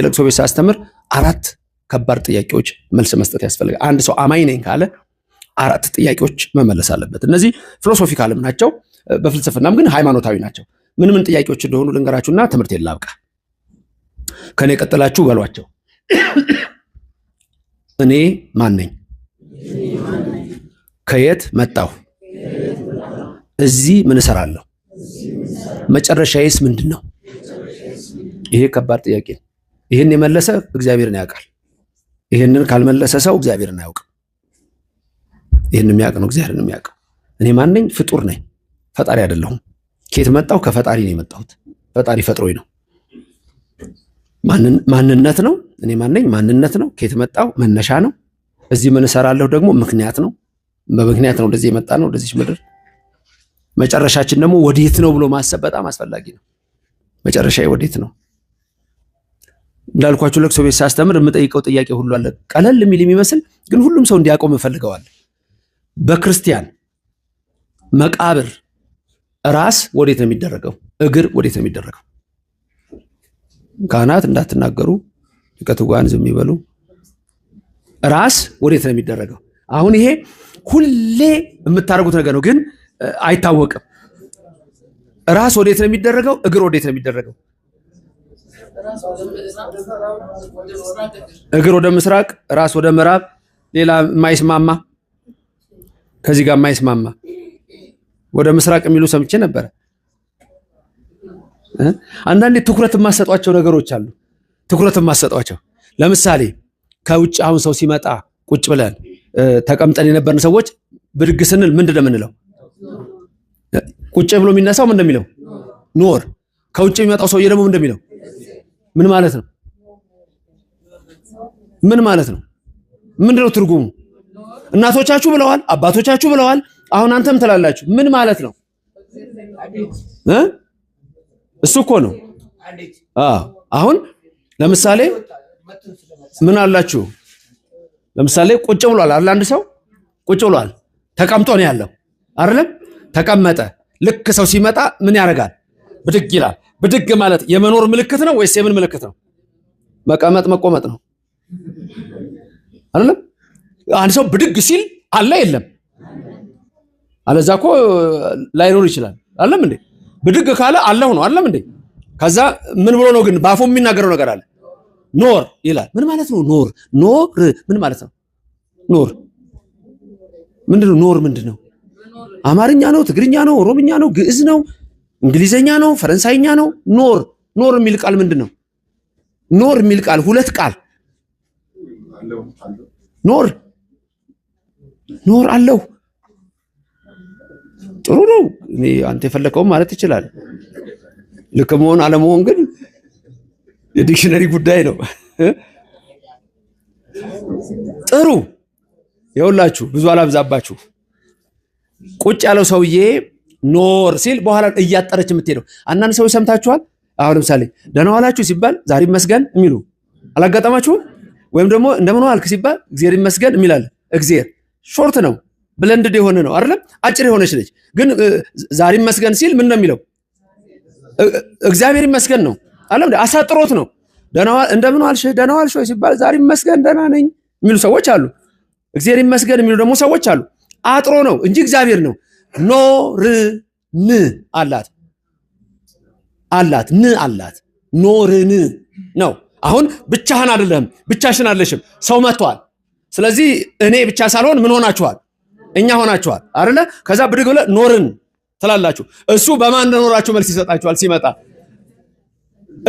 የለቅሶ ቤት ሳስተምር አራት ከባድ ጥያቄዎች መልስ መስጠት ያስፈልጋል። አንድ ሰው አማኝ ነኝ ካለ አራት ጥያቄዎች መመለስ አለበት። እነዚህ ፊሎሶፊካልም ናቸው፣ በፍልስፍናም ግን ሃይማኖታዊ ናቸው። ምን ምን ጥያቄዎች እንደሆኑ ልንገራችሁና ትምህርት የላብቃ ከኔ ቀጥላችሁ በሏቸው። እኔ ማን ነኝ? ከየት መጣሁ? እዚህ ምን እሰራለሁ? መጨረሻዬስ ምንድን ነው? ይሄ ከባድ ጥያቄ ነው። ይህን የመለሰ እግዚአብሔርን ያውቃል። ይህንን ካልመለሰ ሰው እግዚአብሔርን አያውቅም። ይህን የሚያውቅ ነው እግዚአብሔርን የሚያውቅ። እኔ ማን ነኝ? ፍጡር ነኝ፣ ፈጣሪ አይደለሁም። ከየት መጣሁ? ከፈጣሪ ነው የመጣሁት። ፈጣሪ ፈጥሮኝ ነው። ማንነት ነው። እኔ ማን ነኝ? ማንነት ነው። ከየት መጣሁ? መነሻ ነው። እዚህ ምን እሰራለሁ? ደግሞ ምክንያት ነው። በምክንያት ነው ወደዚህ የመጣ ነው፣ ወደዚች ምድር። መጨረሻችን ደግሞ ወዴት ነው ብሎ ማሰብ በጣም አስፈላጊ ነው። መጨረሻ ወዴት ነው? እንዳልኳቸው ለቅሶ ቤት ሳስተምር የምጠይቀው ጥያቄ ሁሉ አለ። ቀለል የሚል የሚመስል ግን ሁሉም ሰው እንዲያቆም እፈልገዋል። በክርስቲያን መቃብር ራስ ወዴት ነው የሚደረገው? እግር ወዴት ነው የሚደረገው? ካህናት እንዳትናገሩ፣ ሊቀትጓን ዝም ይበሉ። ራስ ወዴት ነው የሚደረገው? አሁን ይሄ ሁሌ የምታደርጉት ነገር ነው፣ ግን አይታወቅም። ራስ ወዴት ነው የሚደረገው? እግር ወዴት ነው የሚደረገው? እግር ወደ ምስራቅ፣ ራስ ወደ ምዕራብ። ሌላ የማይስማማ ከዚህ ጋር የማይስማማ ወደ ምስራቅ የሚሉ ሰምቼ ነበረ። አንዳንዴ ትኩረት የማሰጧቸው ነገሮች አሉ። ትኩረት የማሰጧቸው ለምሳሌ ከውጭ አሁን ሰው ሲመጣ ቁጭ ብለን ተቀምጠን የነበርን ሰዎች ብድግ ስንል ምንድን ነው የምንለው? ቁጭ ብሎ የሚነሳው ምን እንደሚለው ኖር። ከውጭ የሚመጣው ሰውዬ ደግሞ ምን እንደሚለው ምን ማለት ነው? ምን ማለት ነው? ምንድነው ትርጉሙ? እናቶቻችሁ ብለዋል፣ አባቶቻችሁ ብለዋል። አሁን አንተም ትላላችሁ። ምን ማለት ነው? እሱ እኮ ነው። አሁን ለምሳሌ ምን አላችሁ? ለምሳሌ ቁጭ ብሏል አለ አንድ ሰው ቁጭ ብሏል፣ ተቀምጦ ነው ያለው አይደለም? ተቀመጠ። ልክ ሰው ሲመጣ ምን ያደርጋል? ብድግ ይላል። ብድግ ማለት የመኖር ምልክት ነው ወይስ የምን ምልክት ነው? መቀመጥ መቆመጥ ነው አይደለም? አንድ ሰው ብድግ ሲል አለ የለም? አለዛ እኮ ላይኖር ይችላል። አለም እንዴ ብድግ ካለ አለሁ ነው። አለም እንዴ ከዛ ምን ብሎ ነው ግን በአፉ የሚናገረው ነገር አለ። ኖር ይላል። ምን ማለት ነው? ኖር ኖር ምን ማለት ነው? ኖር ምንድነው? ኖር ምንድነው? አማርኛ ነው? ትግርኛ ነው? ኦሮምኛ ነው? ግዕዝ ነው? እንግሊዘኛ ነው ፈረንሳይኛ ነው። ኖር ኖር የሚል ቃል ምንድን ነው? ኖር የሚል ቃል ሁለት ቃል ኖር ኖር አለው። ጥሩ ነው። እኔ አንተ የፈለከውን ማለት ይችላል። ልክ መሆን አለመሆን ግን የዲክሽነሪ ጉዳይ ነው። ጥሩ የውላችሁ ብዙ አላብዛባችሁ። ቁጭ ያለው ሰውዬ ኖር ሲል በኋላ እያጠረች የምትሄደው አንዳንድ ሰዎች ሰምታችኋል። አሁን ለምሳሌ ደህና ዋላችሁ ሲባል ዛሬ ይመስገን የሚሉ አላጋጠማችሁም? ወይም ደግሞ እንደምን ዋልክ ሲባል እግዚአብሔር ይመስገን የሚላል። እግዚአብሔር ሾርት ነው ብለንድድ የሆነ ነው አይደለም? አጭር የሆነች ነች። ግን ዛሬ ይመስገን ሲል ምን ነው የሚለው? እግዚአብሔር ይመስገን ነው አለም አሳጥሮት ነው። እንደምን ዋልሽ ደህና ዋልሽ ሲባል ዛሬ ይመስገን ደህና ነኝ የሚሉ ሰዎች አሉ። እግዚአብሔር ይመስገን የሚሉ ደግሞ ሰዎች አሉ። አጥሮ ነው እንጂ እግዚአብሔር ነው ኖርን አላት አላት ን አላት ኖርን ነው። አሁን ብቻህን አይደለም፣ ብቻሽን አለሽም። ሰው መጥቷል። ስለዚህ እኔ ብቻ ሳልሆን ምን ሆናችኋል? እኛ ሆናችኋል አይደለ? ከዛ ብድግ ብለ ኖርን ትላላችሁ። እሱ በማን እንደኖራችሁ መልስ ይሰጣችኋል ሲመጣ።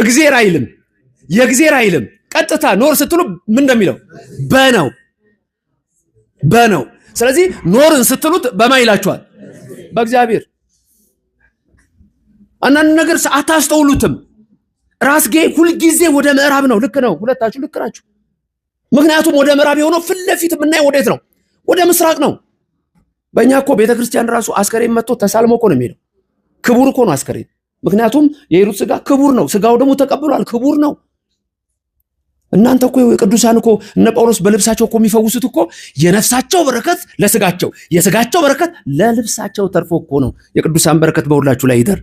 እግዜር አይልም፣ የእግዜር አይልም። ቀጥታ ኖር ስትሉ ምን እንደሚለው በነው በነው። ስለዚህ ኖርን ስትሉት በማ ይላችኋል በእግዚአብሔር አንዳንድ ነገር አታስተውሉትም። ራስጌ ሁልጊዜ ወደ ምዕራብ ነው። ልክ ነው፣ ሁለታችሁ ልክ ናችሁ። ምክንያቱም ወደ ምዕራብ የሆነው ፊት ለፊት የምናየው ወዴት ነው? ወደ ምስራቅ ነው። በእኛ እኮ ቤተክርስቲያን ራሱ አስከሬን መጥቶ ተሳልሞ እኮ ነው የሚሄደው። ክቡር እኮ ነው አስከሬን። ምክንያቱም የሄዱት ስጋ ክቡር ነው። ስጋው ደግሞ ተቀብሏል፣ ክቡር ነው። እናንተ እኮ የቅዱሳን እኮ እነ ጳውሎስ በልብሳቸው እኮ የሚፈውሱት እኮ የነፍሳቸው በረከት ለስጋቸው የስጋቸው በረከት ለልብሳቸው ተርፎ እኮ ነው። የቅዱሳን በረከት በሁላችሁ ላይ ይደር።